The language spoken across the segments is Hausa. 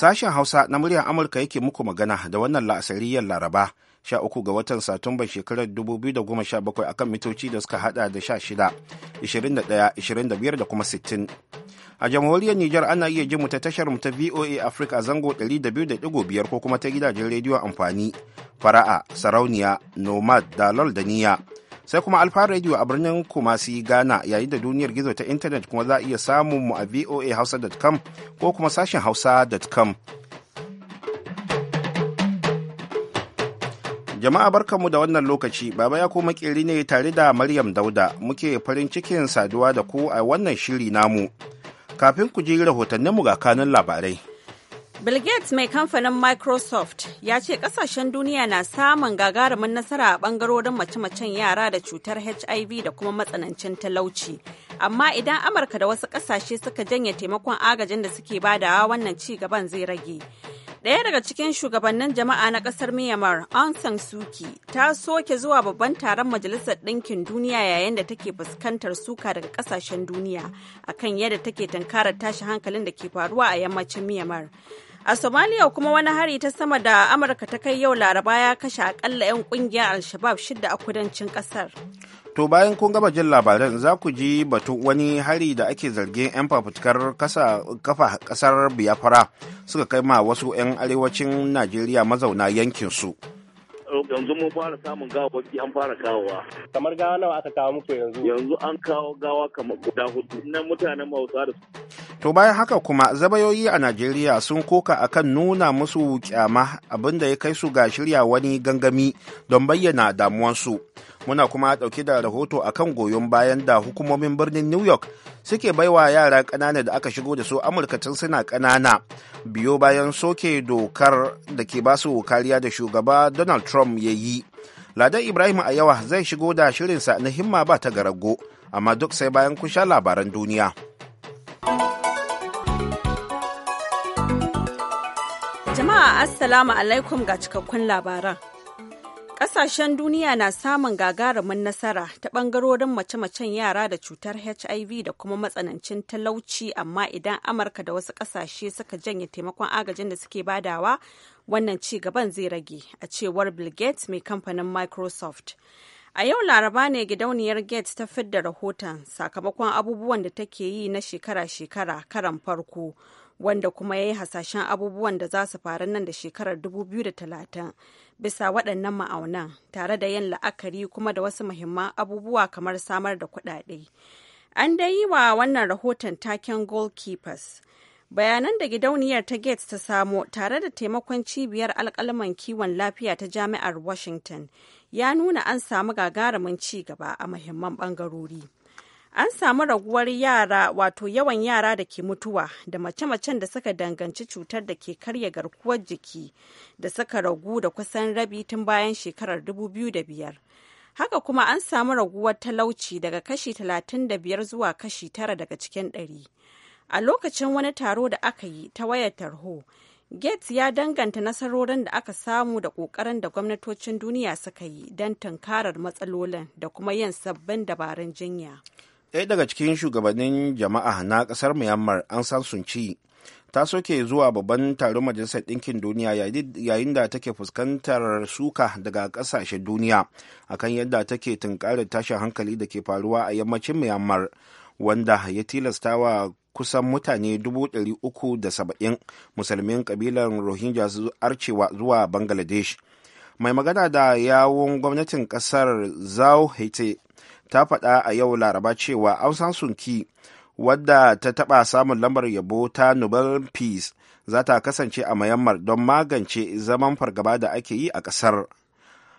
Sashen Hausa na muryar Amurka yake muku magana da wannan la'asariyar Laraba 13 ga watan satumba shekarar 2017 akan mitoci da suka hada da 16, 21, 25 da kuma 60. A jamhuriyar Nijar ana iya jin mu ta tashar mu ta VOA Africa zango 200.5 ko kuma ta gidajen rediyon amfani, fara'a, sarauniya, nomad, dalol da niyya. sai kuma alfa radio a birnin kumasi ghana yayin da duniyar gizo ta intanet kuma za a iya samun mu a voahausa.com ko kuma sashen hausa.com jama'a barkanmu da wannan lokaci baba ya kuma makeri ne tare da maryam dauda muke farin cikin saduwa da ku a wannan shiri namu kafin ku ji rahotanninmu ga kanun labarai Bill Gates mai kamfanin Microsoft ya ce kasashen duniya na samun gagarumin nasara a bangarorin mace-macen yara da cutar HIV da kuma matsanancin talauci. Amma idan Amurka da wasu kasashe suka janye taimakon agajin da suke badawa wannan ci gaban zai rage. daya daga cikin shugabannin jama'a na ƙasar Myanmar, Aung San Suu Kyi, ta soke zuwa babban taron Majalisar Ɗinkin Duniya yayin da take fuskantar suka daga ƙasashen duniya akan yadda take tankarar tashi hankalin da ke faruwa a yammacin Myanmar. A Somalia kuma wani hari ta sama da Amurka ta kai yau Laraba ya kashe akalla 'yan kungiyar Alshabab shida a kudancin kasar. To bayan kun gama jin labaran za ku ji batun wani hari da ake zargin 'yan fafutukar kafa kasar Biafra suka kai ma wasu 'yan arewacin Najeriya mazauna yankinsu. su. yanzu mun fara samun gawawaki an fara kawowa. Kamar gawa nawa aka kawo muku yanzu? Yanzu an kawo gawa kamar guda hudu na mutanen Hausa da To bayan haka kuma zabayoyi a Najeriya sun koka akan nuna musu kyama abinda ya kai su ga shirya wani gangami don bayyana damuwansu. muna kuma ɗauke da rahoto a kan goyon bayan da hukumomin birnin new york suke baiwa yara ƙanana da aka shigo da su amurka tun suna ƙanana biyo bayan soke dokar da ke basu kariya da shugaba donald trump ya yi ladan ibrahim a yawa zai shigo da shirinsa na himma ba ta garago amma duk sai bayan kun sha labaran duniya jama'a assalamu alaikum ga cikakkun labaran Ƙasashen duniya na samun gagarumin nasara ta ɓangarorin mace-macen yara da cutar HIV da kuma matsanancin talauci amma idan Amurka da wasu ƙasashe suka janye taimakon agajin da suke badawa wannan ci gaban zai rage a cewar Bill Gates mai kamfanin Microsoft. A yau Laraba ne gidauniyar Gates ta fidda rahoton sakamakon abubuwan da take yi na shekara-shekara karan farko, wanda kuma ya yi hasashen abubuwan da za su faru nan da shekarar 2030 bisa waɗannan ma'aunan tare da yin la'akari kuma da wasu muhimman abubuwa kamar samar da kuɗaɗe. An dai yi wa wannan rahoton taken goalkeepers. bayanan da gidauniyar ta gates ta samo tare da taimakon cibiyar alkalaman kiwon lafiya ta jami'ar washington ya nuna an samu gagarumin ci gaba a muhimman bangarori. An samu raguwar yara wato yawan yara da ke mutuwa da mace-macen da suka danganci cutar da ke karya garkuwar jiki da suka ragu da kusan rabi tun bayan shekarar 2005. Haka kuma an samu raguwar talauci daga kashi 35 zuwa kashi 9 daga cikin 100. A lokacin wani taro da aka yi ta wayar tarho, Gates ya danganta nasarorin da aka samu da ƙoƙarin da gwamnatocin duniya suka yi don tunkarar matsalolin da kuma yin sabbin dabarun jinya. ɗaya daga cikin shugabannin jama'a na ƙasar myanmar an san sun ci ta soke zuwa babban taron majalisar ɗinkin duniya yayin da take fuskantar suka daga ƙasashen duniya akan yadda take tunkarar tashin hankali da ke faruwa a yammacin myanmar wanda ya tilasta wa kusan mutane 370 musulmin kabilan rohingya su arcewa zuwa bangladesh mai magana da yawon gwamnatin kasar zao haiti ta faɗa a yau laraba cewa an san sunki wadda ta taɓa samun lambar yabo ta nobel peace za ta kasance a mayammar don magance zaman fargaba da ake yi a ƙasar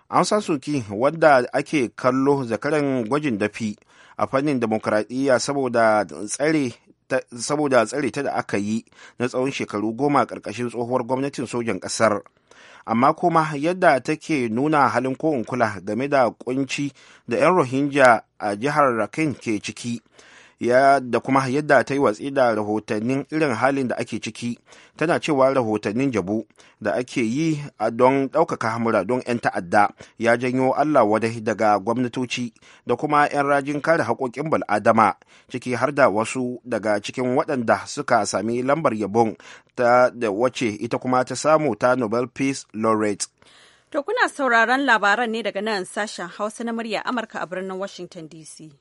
an san suu wadda ake kallo zakaran gwajin dafi a fannin demokuraɗiyya saboda tsare saboda tsare ta da aka yi na tsawon shekaru goma a ƙarƙashin tsohuwar gwamnatin sojan ƙasar amma kuma yadda take nuna halin ko kula game da kunci da 'yan rohingya a jihar rakhine ke ciki da kuma yadda ta yi watsi da rahotannin irin halin da ake ciki tana cewa rahotannin jabu da ake yi a don ɗaukaka muradun 'yan ta'adda ya janyo allah wadai daga gwamnatoci da kuma 'yan rajin kare haƙoƙin bal'adama ciki har da wasu daga cikin waɗanda suka sami lambar yabon ta da wace ita kuma ta samu ta nobel peace laureate To kuna sauraron labaran ne daga nan sashen Hausa na murya Amurka a birnin Washington DC.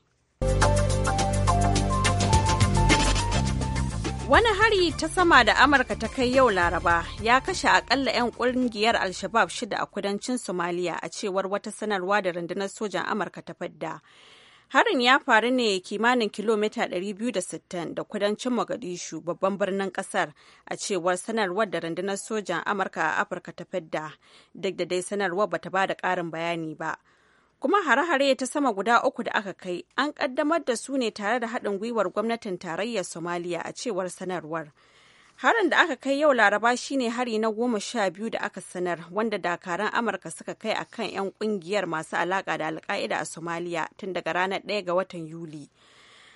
Wani hari ta sama da Amurka ta kai yau Laraba ya kashe akalla 'yan ƙungiyar Alshabab shida a kudancin Somalia a cewar wata sanarwa da rundunar sojan Amurka ta fadda. Harin ya faru ne kimanin kilomita 260 da kudancin Mogadishu babban birnin kasar a cewar sanarwar da rundunar sojan Amurka a Afirka ta fadda duk da dai sanarwar bata ba da ƙarin bayani ba. kuma hare-hare ta sama guda uku da aka kai an kaddamar da su ne tare da haɗin gwiwar gwamnatin tarayyar somaliya a cewar sanarwar harin da aka kai yau laraba shine hari na goma sha biyu da aka sanar wanda dakaran amurka suka kai a kan 'yan kungiyar masu alaka da alka'ida a somaliya tun daga ranar 1 ga watan yuli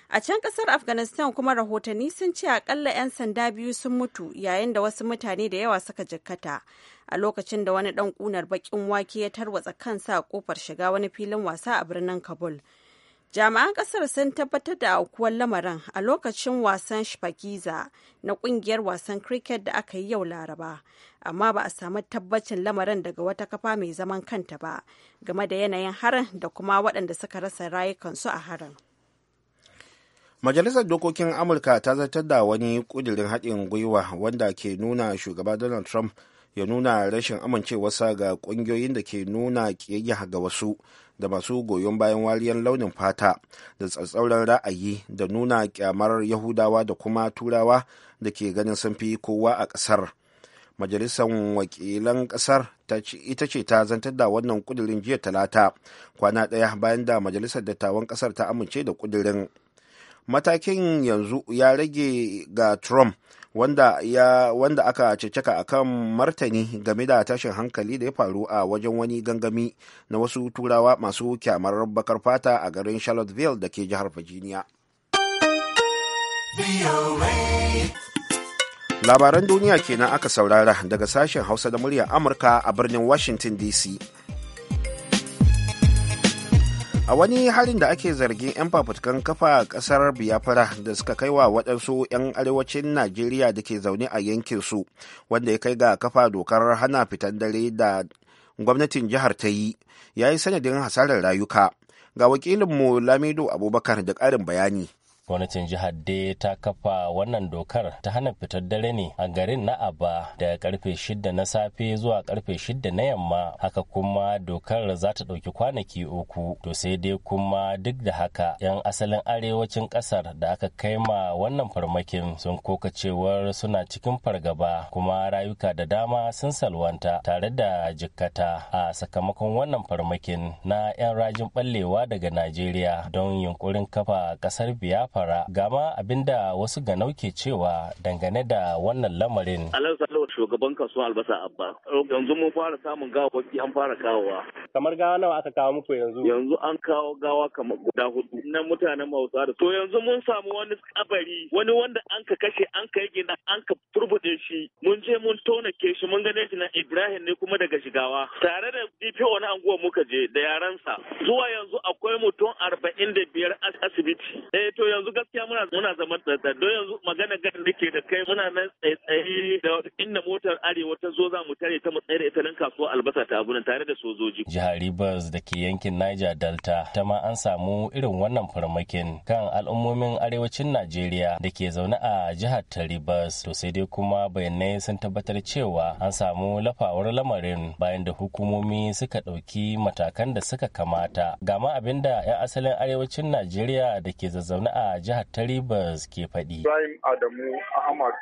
A can kasar Afghanistan kuma rahotanni sun ce akalla 'yan sanda biyu sun mutu yayin da wasu mutane da yawa suka jikkata a lokacin da wani ɗan ƙunar baƙin wake ya tarwatsa kansa a kofar shiga wani filin wasa a birnin Kabul. Jami'an ƙasar sun tabbatar da aukuwar lamarin a lokacin wasan Shpagiza na ƙungiyar wasan cricket da aka yi yau Laraba, amma ba a samu tabbacin lamarin daga wata kafa mai zaman kanta ba game da yanayin harin da kuma waɗanda suka rasa rayukansu a harin. Majalisar Dokokin Amurka ta zartar da wani kudirin haɗin gwiwa wanda ke nuna shugaba Donald Trump ya nuna rashin amincewarsa ga ƙungiyoyin da ke nuna ƙiyayya ga wasu da masu goyon bayan wariyar launin fata da tsatsauran ra'ayi da nuna kyamar Yahudawa da kuma Turawa da ke ganin sun fi kowa a ƙasar. majalisar wakilan ƙasar ita ce ta zantar da wannan kudirin jiya talata kwana ɗaya bayan da majalisar dattawan ƙasar ta amince da kudirin matakin yanzu ya rage ga trump wanda, ya, wanda aka ceceka kan martani game da tashin hankali da ya faru a wajen wani gangami na wasu turawa masu kyamar bakar fata a garin charlottesville da ke jihar virginia labaran duniya kenan aka saurara daga sashen hausa da muryar amurka a birnin washington dc a wani halin da ake zargin 'yan fafutukan kafa kasar biyafara da suka kai wa waɗansu 'yan arewacin najeriya da ke zaune a yankin su wanda ya kai ga kafa dokar hana fitan dare da gwamnatin jihar ta yi ya yi sanadin hasarar rayuka ga wakilinmu lamido abubakar da ƙarin bayani gwamnatin jihar da ta kafa wannan dokar ta hana fitar dare ne a garin na aba daga karfe shida na safe zuwa karfe shida na yamma haka kuma dokar za ta ɗauki kwanaki uku to sai dai kuma duk da haka 'yan asalin arewacin ƙasar da aka kai ma wannan farmakin sun koka cewar suna cikin fargaba kuma rayuka da dama sun salwanta tare da jikkata a sakamakon wannan farmakin na 'yan rajin ɓallewa daga najeriya don yunkurin kafa ƙasar biafra fara gama abinda wasu ganau ke cewa dangane da wannan lamarin. shugaban kasuwa albasa abba yanzu mun fara samun gawawaki an fara kawowa kamar gawa nawa aka kawo muku yanzu yanzu an kawo gawa kamar guda hudu na mutanen Hausa da to yanzu mun samu wani kabari wani wanda an ka kashe an ka yage an ka turbude shi mun je mun tona ke shi mun gane shi na Ibrahim ne kuma daga shigawa tare da DPO wani anguwa muka je da yaransa zuwa yanzu akwai mutum arba'in da biyar asibiti eh to yanzu gaskiya muna muna zaman tsatsa don yanzu magana ga da ke da kai muna nan tsaye da inda motar arewa ta zo za mu tare ta mu ita nan kasuwar albasa ta abunan tare da sojoji. Jihar Rivers da ke yankin Niger Delta ta ma an samu irin wannan farmakin kan al'ummomin arewacin Najeriya da ke zaune a jihar ta Rivers to sai dai kuma bayanai sun tabbatar cewa an samu lafawar lamarin bayan da hukumomi suka ɗauki matakan da suka kamata. Gama abinda abin da 'yan asalin arewacin Najeriya da ke zazzaune a jihar ta Rivers ke faɗi. Ibrahim Adamu Ahmad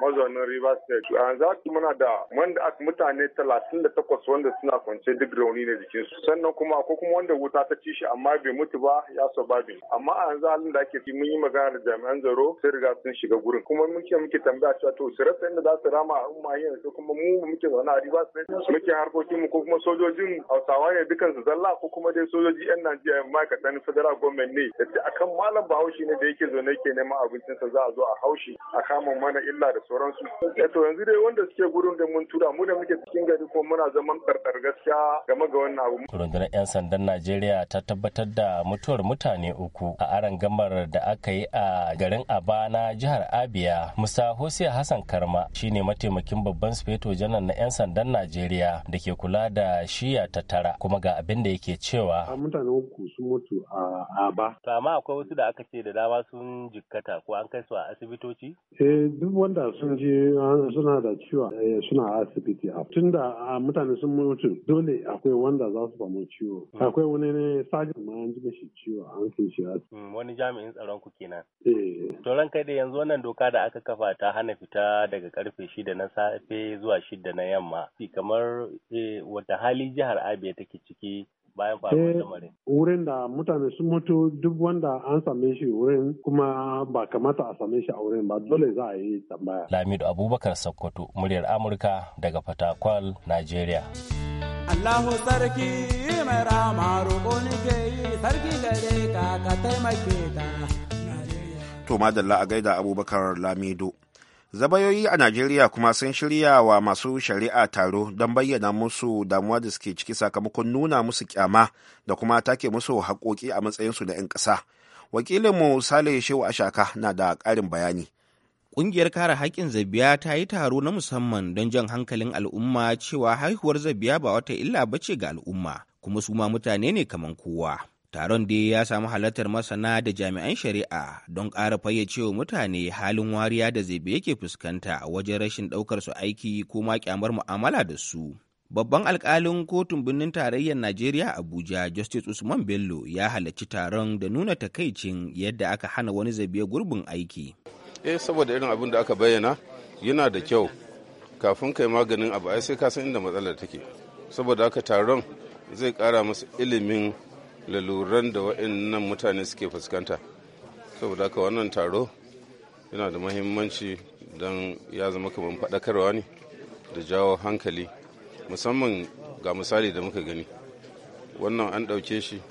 mazaunin River State. yanzu haka muna da wanda aka mutane talatin da takwas wanda suna kwance duk rauni na jikinsu. Sannan kuma ko kuma wanda wuta ta ci shi amma bai mutu ba ya sababi. Amma a yanzu halin da ake mun yi magana da jami'an zaro, sai riga sun shiga gurin. Kuma muke muke tambaya cewa to su rasa inda za su rama a umma yanzu kuma mu muke zaune a River State muke harkokin mu ko kuma sojojin Hausawa ne dukansu zalla ko kuma dai sojoji 'yan Najeriya ma'aikatan federal government ne da akan malam Bahaushe ne da yake zaune ke neman abincinsa za a zo a haushi a kama mana illa da sauransu. Eh, to yanzu dai wanda suke gurin da mun tura mu da muke cikin gari ko muna zaman ɗarɗar gaskiya game ga wannan abu. Rundunar 'yan sandan Najeriya ta tabbatar da mutuwar mutane uku a aron gamar da aka yi a garin Aba na jihar Abia. Musa Hosiya Hassan Karma shine mataimakin babban sufeto janar na 'yan sandan Najeriya da ke kula da shiya ta tara kuma ga abin da yake cewa. Mutane uku sun mutu a Aba. To akwai wasu da aka ce da dama sun jikkata ko an kai su a asibitoci? Eh duk wanda sun ji suna da ciwo eh, suna asibiti tun da ah, mutane sun mutu dole akwai wanda za su samu ciwo akwai wani ne sajin ma an ji shi ciwo an kai shi hmm, wani jami'in tsaron ku kenan eh. to ran kai da yanzu wannan doka da aka kafa ta hana fita daga karfe shida na safe zuwa shida na yamma kamar eh, wata hali jihar abia take ciki bayan faruwar eh, lamarin. Wurin da mutane sun mutu duk wanda an same shi wurin kuma ba kamata a same shi a wurin ba dole za a yi tambaya. Lamidu Abubakar Sokoto muryar Amurka daga Fatakwal, nigeria. Allahu sarki mai rama roƙo ke yi sarki gare ka ka taimake ta. To madalla a gaida Abubakar Lamido. zabayoyi a najeriya kuma sun shirya wa masu shari'a taro don bayyana musu damuwa da suke ciki sakamakon nuna musu kyama da kuma take musu haƙoƙi a matsayinsu na 'yan ƙasa wakilinmu sale shehu ashaka na da ƙarin bayani Ƙungiyar kare haƙƙin zabiya ta yi taro na musamman don jan hankalin al'umma cewa haihuwar zabiya ba wata illa ba ce ga al'umma kuma suma mutane ne kamar kowa taron dai ya samu halartar masana da jami'an shari'a don ƙara fayyacewa mutane halin wariya da zebe yake fuskanta a wajen rashin ɗaukar su aiki ko ma kyamar mu'amala da su babban alkalin kotun birnin tarayyar najeriya abuja justice usman bello ya halarci taron da nuna takaicin yadda aka hana wani zabe gurbin aiki eh saboda irin abin da aka bayyana yana da kyau kafin kai maganin abu ai sai ka san inda matsalar take saboda haka taron zai kara masa ilimin laluran da waɗannan mutane suke fuskanta saboda haka wannan taro yana da mahimmanci don ya zama kamar faɗakarwa ne da jawo hankali musamman ga misali da muka gani wannan an ɗauke shi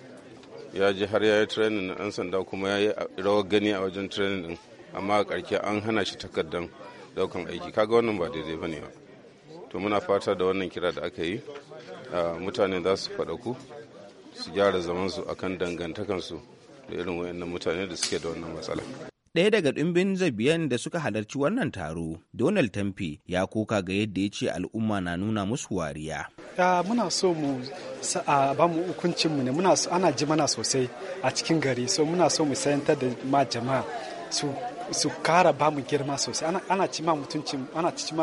ya ji har ya yi training na ɗan sanda kuma ya yi rawar gani a wajen training din amma a ƙarshe an hana shi takardar daukan aiki kaga wannan ba daidai ba ne ba to muna fata da wannan kira da aka yi ah, mutane za su faɗaku su gyara zamansu akan dangantakansu da irin wayannan mutane da suke da wannan matsala. Ɗaya daga ɗimbin zabiyan da suka halarci wannan taro, Donald Tamfi ya koka ga yadda ya ce al'umma na nuna musu wariya. Ya muna so mu a ba mu hukuncinmu ne, muna so ana ji mana sosai a cikin gari, so muna so mu sayantar da ma jama'a su kara ba mu girma sosai ana ci ma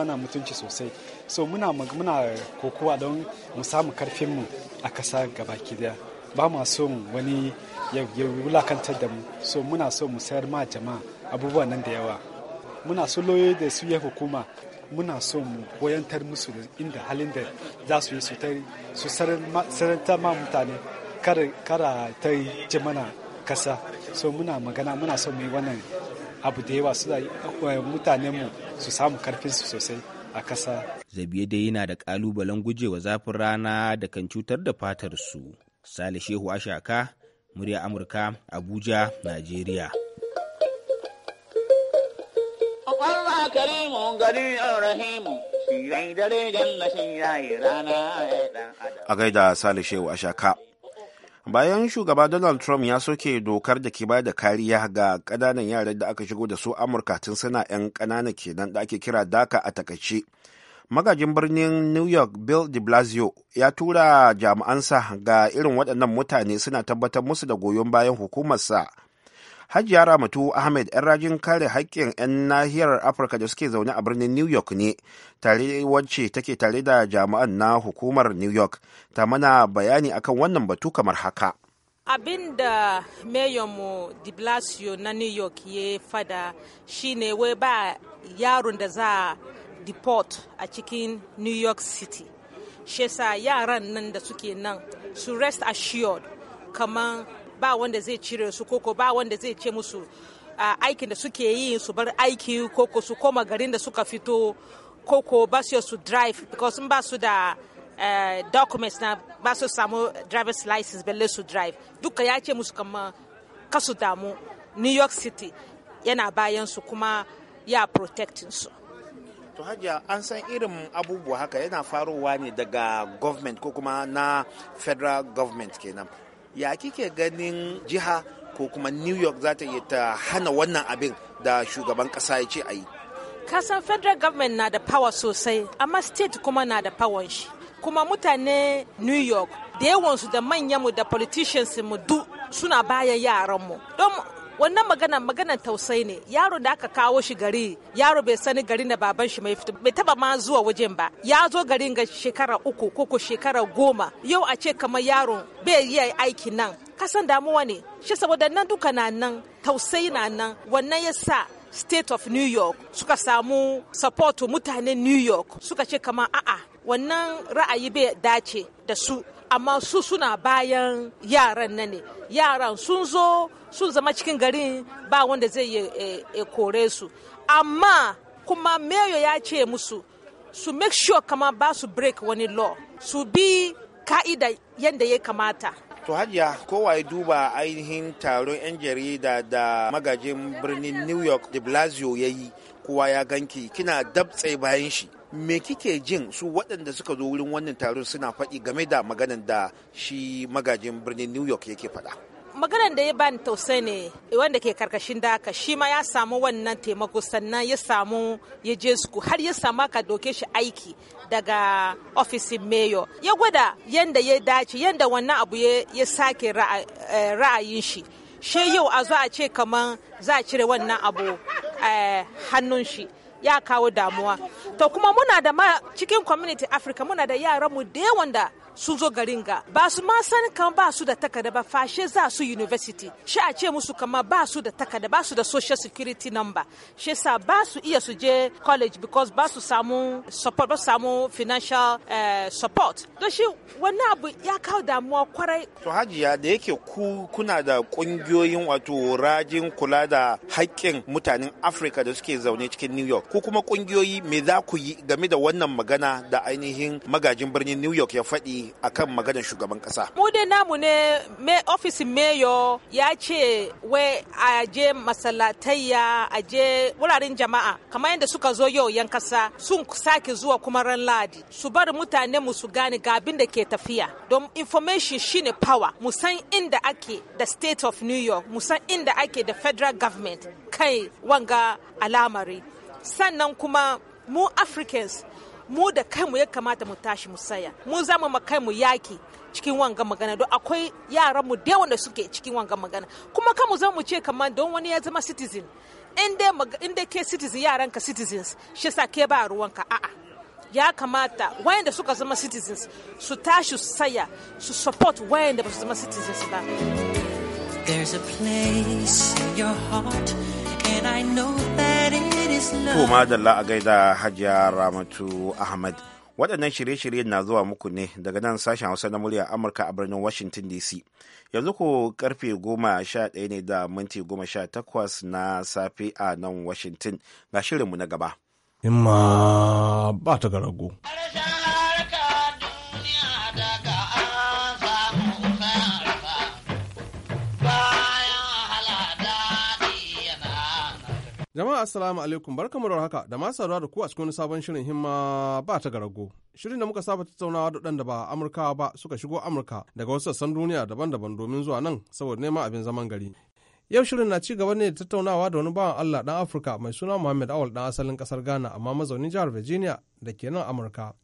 ana mutunci sosai so muna muna kokowa don mu samu karfin mu a kasa gabaki daya ba ma so wani ya wulakantar da mu so muna so mu sayar ma jama'a abubuwan nan da yawa muna so loye da su ya hukuma muna so mu koyantar musu inda halin da za su yi su saranta ma mutane kara ta yi mana kasa so muna magana muna so mu yi wannan abu da yawa su da eh, mutanenmu su samu su sosai a kasa. Zabiye dai yana da ƙalubalen gujewa zafin rana da kan cutar da fatar su. Sale Shehu Ashaka, murya Amurka, Abuja, Najeriya. Allah karimu rahimu dare A gaida Sale Shehu Ashaka. bayan shugaba donald trump ya soke dokar da ke bada kariya ga kananan yaran da aka shigo da su amurka tun suna 'yan kanana kenan da ake kira daka a takaice magajin birnin new york bill de blasio ya tura jami'ansa ga irin waɗannan mutane suna tabbatar musu da goyon bayan hukumarsa hajjiya Ramatu Ahmed 'yan rajin kare haƙƙin 'yan nahiyar Afirka da suke zaune a birnin New York ne, tare wacce take tare da jama'an na hukumar New York, ta mana bayani akan wannan batu kamar haka. abin da mayonmu de blasio na new york ya fada ne wai ba yaron da za a deport a cikin new york city shesa yaran nan da suke nan su rest assured kamar ba wanda zai cire su koko ba wanda zai ce musu aikin da suke yi su bar aiki koko su koma garin da suka fito koko ba su su drive because in ba su da eh, documents na ba su samu driver's license balle su drive duka ya ce musu kama kasu damu new york city yana bayan su kuma ya protecting su to hajiya an san irin abubuwa haka yana faruwa ne daga government ko kuma na federal government kenan ya kike ganin jiha ko kuma new york za ta iya ta hana wannan abin da shugaban kasa ya ce a yi kasan federal government na da power sosai amma state kuma na da power shi kuma mutane new york da yawansu da manyanmu da politicians mu du suna bayan yaranmu don wannan magana magana tausai ne yaro da aka kawo shi gari yaro bai sani gari na baban shi mai fito bai taba ma zuwa wajen ba ya zo garin ga shekara uku ko ko shekara goma yau a ce kamar yaro bai yi aiki nan kasan damuwa ne shi saboda nan duka na nan tausai na nan wannan ya sa state of new york suka samu support mutanen new york suka ce kamar a'a wannan ra'ayi bai dace da su amma su suna bayan yaran na ne yaran sun zo sun zama cikin garin ba wanda zai yi e, e, kore su amma kuma mayo ya ce musu su make sure kama ba su break wani law su bi ka'ida yadda ya kamata to hajiya kowa ya duba ainihin taron 'yan jarida da magajin birnin new york de blasio ya yi kowa ya ganki kina dabtse bayan shi me kike jin su waɗanda suka zo wurin wannan taron suna faɗi game da maganan da shi magajin birnin new york yake faɗa maganan da ya bani tausai ne wanda ke karkashin daka shi ma ya samu wannan taimako sannan ya samu ya je su har ya samu ka doke shi aiki daga ofisin mayor ya gwada yadda ya dace yadda wannan abu ya sake eh, ra'ayin shi shi yau a zo a ce kamar za a cire wannan abu Eh, hannun shi ya kawo damuwa to kuma muna da ma cikin community africa muna da yaran mu da wanda sun zo garin ga ba su ma san kan ba su da takarda ba fashe za su university shi a ce musu kama ba su da takarda ba su da social security number shi sa ba su iya su je college because ba su samu support ba samu financial eh, support don shi wani abu ya kawo damuwa kwarai to hajiya da yake ku kuna da kungiyoyin wato rajin kula da haƙƙin mutanen africa da suke zaune cikin new york ko kuma kungiyoyi me za ku yi game da wannan magana da ainihin magajin birnin new york ya faɗi a akan maganar shugaban kasa mu dai namu ne me ofisin meyo ya ce wai a je masallatayya a je wuraren jama'a kamar yadda suka zo yau yan kasa sun sake zuwa kuma ran ladi su bar mutane mu su gane ga abin da ke tafiya don information shine power mu san inda ake da state of new york mu san inda ake da federal government kai wanga alamari sannan kuma mu africans mu da kanmu ya kamata mu tashi mu saya mu zama ma mu yaki cikin wanga magana don akwai yaran mu da wanda suke cikin wanga magana kuma kanmu za mu ce kamar don wani ya zama citizen in dai ke citizen yaranka citizens shi sa ke ba ruwanka a'a ya kamata wayanda suka zama citizens su tashi su saya su support wayanda ba su zama citizens ba there's a place in your heart and i know that To da a gaida Hajiya Ramatu Ahmad. Waɗannan shirye-shiryen na zuwa muku ne daga nan sashen Hausa na muryar Amurka a birnin Washington DC. Yanzu ku karfe goma sha ɗaya ne da minti goma sha takwas na safe a nan Washington ga shirinmu na gaba. Imma ba ta garago. Jama'a assalamu alaikum barkamu da haka da masu da ku a cikin wani sabon shirin himma ba ta garago. Shirin da muka saba tattaunawa da waɗanda ba Amurkawa ba suka shigo Amurka daga wasu sassan duniya daban-daban domin zuwa nan saboda neman abin zaman gari. Yau shirin na ci gaba ne da tattaunawa da wani bawan Allah dan Afirka mai suna Muhammad Awal dan asalin kasar Ghana amma mazaunin jihar Virginia da ke nan Amurka.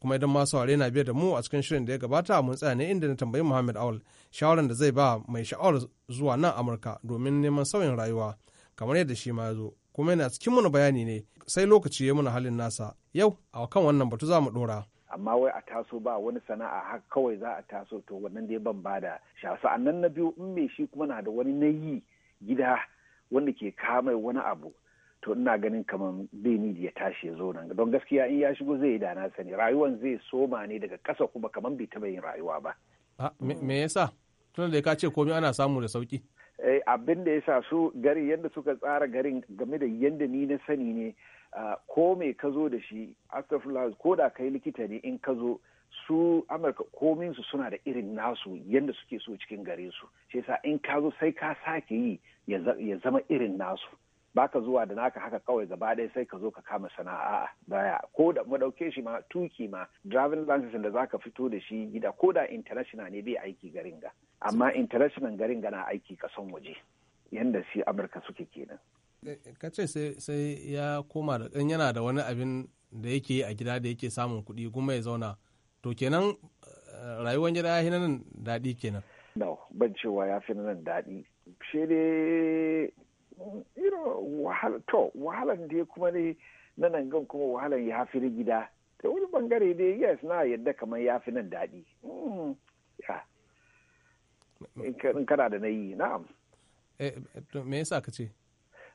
Kuma idan masu saurare na biye da mu a cikin shirin da ya gabata mun tsaya ne inda na tambayi Muhammad Awal shawaran da zai ba mai sha'awar zuwa nan Amurka domin neman sauyin rayuwa. kamar yadda shi ma ya zo kuma yana cikin muna bayani ne sai lokaci ya muna halin nasa yau a kan wannan batu za mu dora amma wai a taso ba wani sana'a haka kawai za a taso to wannan dai ban bada a nan na biyu in mai shi kuma na da wani nayi gida wanda ke kama wani abu to ina ganin kamar bai ni ya tashi ya zo nan don gaskiya in ya shigo zai yi da na sani rayuwan zai soma ne daga kasa kuma kamar bai taɓa yin rayuwa ba ah, me yasa tun da ka ce komai ana samu da sauki Eh, abin da ya sa su gari yadda suka tsara garin game da yadda ni na sani ne ko mai ka zo da shi astagfirullah ko da kai likita ne in ka zo su amurka komin su suna da irin nasu yadda suke so cikin gare su shi yasa in ka zo sai ka sake yi ya zama irin nasu baka zuwa da naka haka kawai gaba ɗaya sai ka zo ka kama sana'a a baya ko da mu dauke shi ma tuki ma driving license da zaka fito da shi gida ko da international ne bai aiki garin ga amma international garin ga na aiki kasan waje yanda shi amurka suke kenan ka ce sai ya koma da yana da wani abin da yake a gida da yake samun kuɗi kuma ya zauna to kenan eh, rayuwar gida ya nan daɗi kenan no ban cewa ya fi nan daɗi shi wahala to wahalan da kuma ne na nan gan kuma wahalan ya fi gida da wani bangare dai yes na yadda kamar ya fi nan daɗi hmm, in kana da na yi na'am eh, me yasa ka ce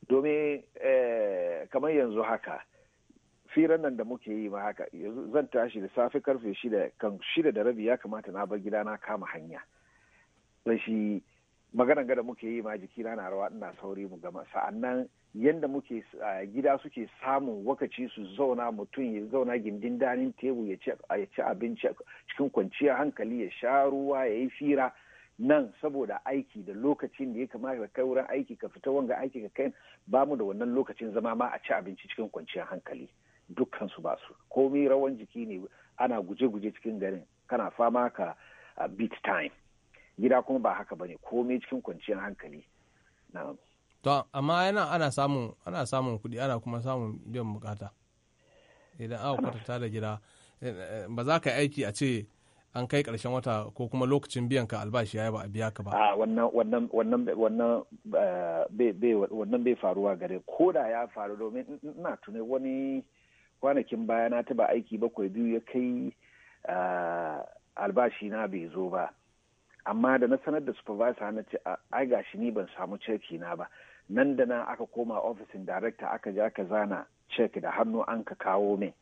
domin eh, kamar yanzu haka firan nan da muke yi ma haka yanzu zan tashi da safe karfe shida kan shida da rabi ya kamata na bar gida na kama hanya shi maganan gada muke yi ma jiki na rawa ina sauri mu gama sa'annan yadda muke gida suke samun wakaci su zauna mutum ya zauna gindin danin tebur ya ci abinci cikin kwanciyar hankali ya sha ruwa ya yi fira nan saboda aiki da lokacin da ya kamata kai wurin aiki ka fita wanga aiki ka kai ba mu da wannan lokacin zama ma a ci abinci cikin kwanciyar hankali dukkan su ba su komai rawan jiki ne ana guje-guje cikin garin kana fama ka beat time gida kuma ba haka bane komai cikin kwanciyar hankali to amma yana ana samun ana samun kuɗi ana kuma samun biyan bukata idan aka kwatanta da gida eh, eh, ba za ka aiki a ce an kai ƙarshen wata ko kuma lokacin biyan ka albashi ya ba a biya ka ba a wannan wannan wannan wannan eh, bai wannan bai faruwa gare ko da ya faru domin ina tunai wani kwanakin baya na taba aiki bakwai biyu ya kai albashi na bai zo ba amma da na sanar da supervisor na ce ai gashi ni ban samu ceki na ba nan da nan aka koma ofisin director aka je aka zana cek da hannu an ka kawo min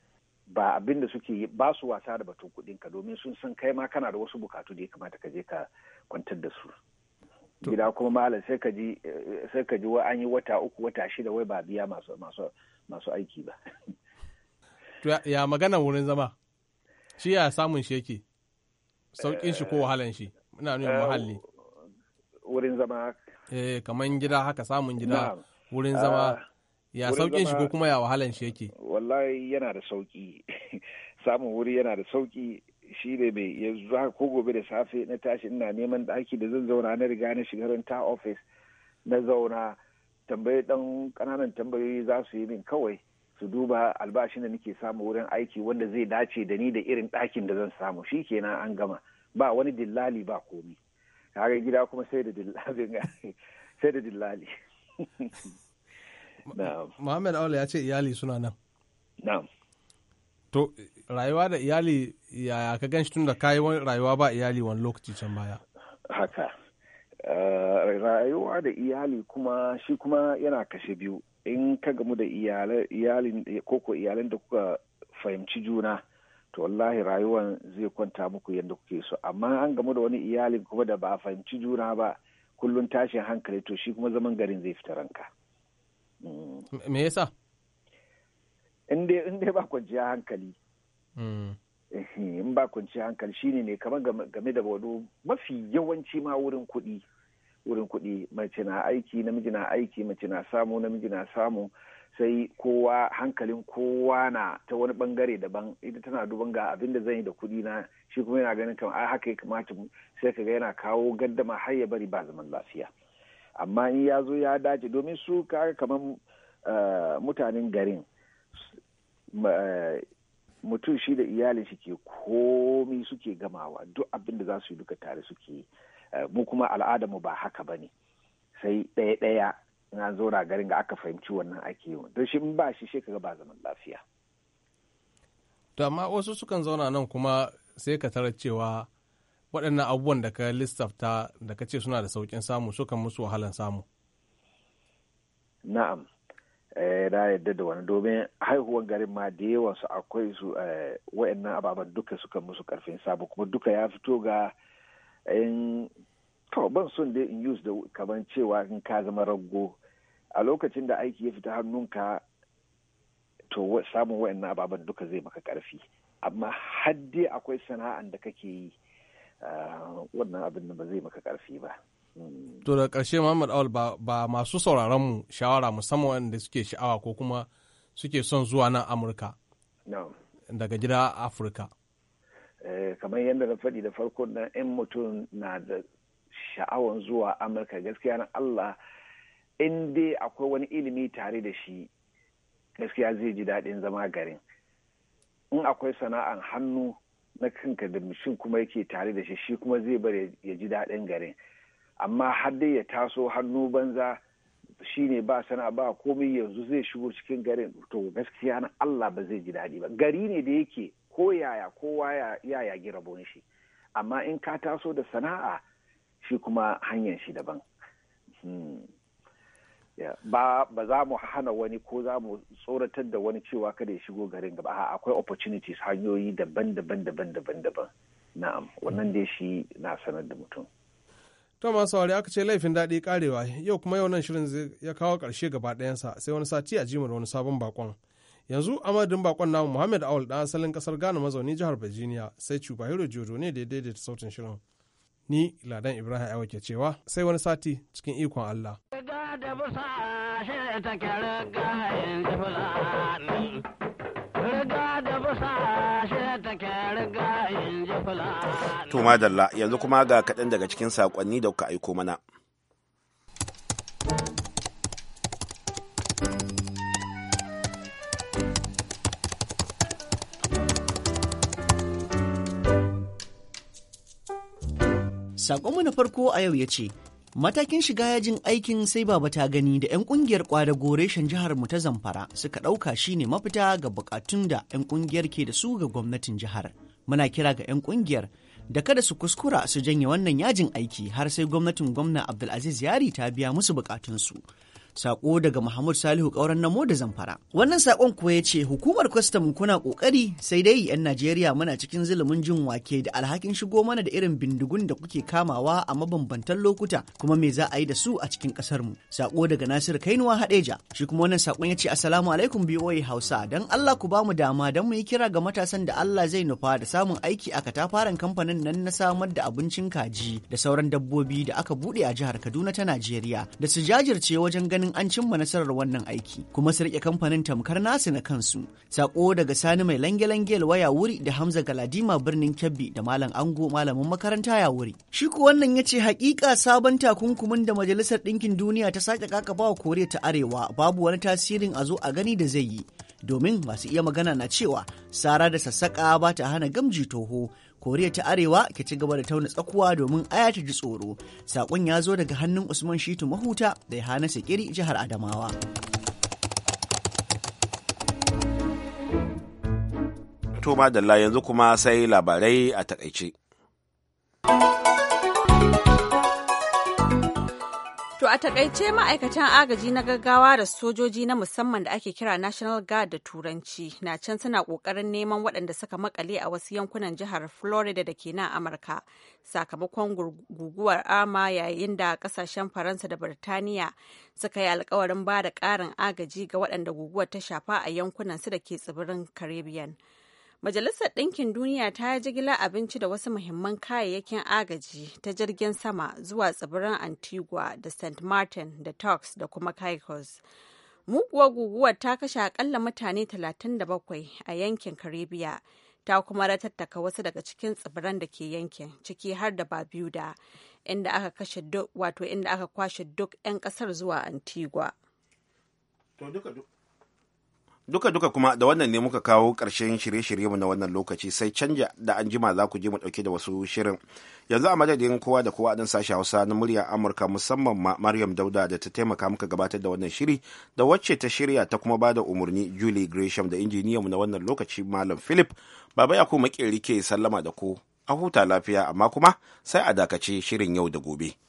ba abin da suke ba su wasa da batun kudin ka domin sun san kai ma kana da wasu bukatu da ya kamata ka je ka kwantar da su gida kuma malam sai ka ji sai ka ji an yi wata uku wata shida wai ba biya masu masu masu aiki ba to ya magana wurin zama shi ya samun sheki saukin shi ko eh, wahalan shi ina nuna eh, muhalli wurin zama eh kaman gida haka samun gida wurin zama ah, ya saukin shi ko kuma ya wahalan shi yake wallahi yana da sauki samun wuri yana da sauki shi ne mai yanzu zuwa ko gobe da safe na tashi ina neman ɗaki da zan zauna na riga na shiga ta office na zauna tambayi dan kananan tambayoyi za su yi min kawai su duba albashin da nake samu wurin aiki wanda zai dace da ni da irin ɗakin da zan samu shi kenan an gama ba wani dillali ba komi har gida kuma sai da dillali sai da dillali Muhammad Aula ya ce iyali suna nan na'am to rayuwa da iyali yaya ka gan shi tun da kayi rayuwa ba iyali wani lokaci can baya haka eh, rayuwa da iyali kuma shi kuma yana kashe biyu in ka gamu da iyalin ko ko iyalin da kuka fahimci juna to wallahi rayuwan zai kwanta muku yadda kuke so amma an gamu da wani iyalin kuma da ba a fahimci juna ba kullum tashin hankali to shi kuma zaman garin zai fita ranka mm. me yasa in dai ba kwanciya hankali mm. in ba kwanciya hankali shine ne kamar game da wado mafi yawanci ma wurin kuɗi wurin kuɗi mace na aiki namiji na aiki mace na samu namiji na samu sai kowa hankalin kowa na ta wani bangare daban ita tana duban ga abin da zan yi da kuɗi na shi kuma yana ganin kamar ai haka ya kamata sai kaga yana kawo gaddama har ya bari ba zaman lafiya amma in ya zo ya dace domin su kaga kamar eh, mutanen garin eh, mutum shi da iyalin shi ke komi suke gamawa duk abin da za su yi duka tare suke eh, mu kuma al'adarmu ba haka ba ne sai ɗaya-ɗaya na zo garin ga aka fahimci wannan ake yi don shi in ba shi shi ba zaman lafiya to amma wasu sukan zauna nan kuma sai ka tarar cewa waɗannan abubuwan da ka lissafta da ka ce suna da sauƙin samu sukan musu wahalan samu na'am eh, na yadda da wani domin haihuwan garin ma da yawan su akwai su eh, waɗannan ababen duka suka musu karfin sabu kuma duka ya fito ga to ban son dai in use da kaman cewa in ka zama raggo a lokacin da aiki ya fita hannunka to samun wa'annan ababen duka zai maka karfi amma har akwai sana'an da kake yi ah, wannan abin da ba zai maka karfi ba hmm. to da karshe Muhammad Awal ba masu sauraron mu shawara musamman wanda suke sha'awa ko kuma suke son zuwa nan Amurka daga gida Afirka eh, kamar yadda na faɗi da farko na 'yan mutum na da sha'awan zuwa amurka gaskiya na allah in dai akwai wani ilimi tare da shi gaskiya zai ji daɗin zama garin in akwai sana'an hannu na kanka da mutum kuma yake tare da shi shi kuma zai bar ya ji daɗin garin amma har dai ya taso hannu banza shi ne ba sana'a ba komai yanzu zai shigo cikin garin to gaskiya na Allah ba zai ji daɗi ba gari ne da yake ko yaya kowa ya yagi rabon shi amma in ka taso da sana'a shi kuma hanyar shi daban hmm. ba za mu hana wani ko za mu tsoratar da wani cewa kada ya shigo garin gaba a akwai opportunities hanyoyi daban-daban daban-daban daban na'am wannan dai shi na sanar da mutum ta masu aka ce laifin daɗi karewa yau kuma yau nan shirin ya kawo ƙarshe gaba ɗayansa sai wani sati a jimar wani sabon bakon yanzu amadin bakon namu muhammad awul ɗan asalin ƙasar ghana mazauni jihar virginia sai cuba hero jojo ne da ya daidaita sautin shirin ni ladan ibrahim aiwa ke cewa sai wani sati cikin ikon allah To madalla yanzu kuma ga kaɗan daga cikin saƙonni da kuka aiko mana. Sakonmu na farko a yau ya ce, Matakin shiga yajin aikin sai baba ta gani da 'yan kungiyar kwada goreshen jihar mu ta Zamfara suka ɗauka shine mafita ga bukatun da 'yan ƙungiyar ke da su ga gwamnatin jihar. Muna kira ga 'yan ƙungiyar da kada su kuskura su janye wannan yajin aiki har sai gwamnatin gwamna Abdulaziz Yari ta biya musu bukatunsu. Sako daga Muhammad Salihu ƙauren namo da zamfara. Wannan sakon kuwa ya ce hukumar kwastam kuna ƙoƙari sai dai 'yan Najeriya muna cikin zulumin jin wake da alhakin shigo mana da irin bindigun da kuke kamawa a mabambantan lokuta kuma me za a yi da su a cikin ƙasarmu? mu. Sako daga Nasir Kainuwa Hadeja. Shi kuma wannan sakon ya ce Assalamu alaikum BOA Hausa dan Allah ku ba mu dama dan mu yi kira ga matasan da Allah zai nufa da samun aiki a katafaren kamfanin nan na samar da abincin kaji da sauran dabbobi da aka buɗe a jihar Kaduna ta Najeriya da su jajirce wajen ganin ganin an cimma nasarar wannan aiki kuma su rike kamfanin tamkar nasu na kansu sako daga sani mai lange-lange waya wuri da hamza galadima birnin kebbi da malam ango malamin makaranta ya wuri shi ku wannan ya ce hakika sabon takunkumin da majalisar ɗinkin duniya ta sake kakaba wa koriya ta arewa babu wani tasirin a zo a gani da zai yi domin masu iya magana na cewa sara da sassaƙa ba ta hana gamji toho koriya ta arewa ke ci gaba da tauna tsakuwa domin aya ta ji tsoro saƙon ya zo daga hannun usman shitu mahuta da yohana sikiri jihar adamawa to madalla yanzu kuma sai labarai a takaice a takaice ma'aikatan agaji na gaggawa da sojoji na musamman da ake kira National Guard da Turanci na can suna ƙoƙarin neman waɗanda suka makale a wasu yankunan jihar Florida da ke nan Amurka sakamakon guguwar ama yayin da ƙasashen Faransa da Birtaniya suka yi alkawarin ba da ƙarin agaji ga waɗanda guguwar ta shafa a yankunan su da ke tsibirin Caribbean. Majalisar Ɗinkin Duniya ta yi jigila abinci da wasu muhimman kayayyakin agaji ta jirgin sama zuwa tsibirin Antigua da St. Martin da Tox da kuma Caicos. Muguwar guguwar ta kashe akalla mutane 37 a yankin caribbean ta kuma ratattaka wasu daga cikin tsibiran da ke yankin, ciki har da Barbuda, inda aka kashe duk wato inda aka kwashe duk 'yan kasar zuwa Antigua. Duka-duka kuma da wannan ne muka kawo ƙarshen shirye-shiryenmu na wannan lokaci sai canja da an jima za ku je mu ɗauke da wasu shirin. Yanzu a madadin kowa da kowa ɗin sashi Hausa na murya Amurka musamman ma Maryam Dauda da ta taimaka muka gabatar da wannan shiri da wacce ta shirya ta kuma ba da umarni Julie Gresham da injiniyanmu na wannan lokaci Malam Philip. Baba ya kuma ke sallama da ku a huta lafiya amma kuma sai a dakace shirin yau da gobe.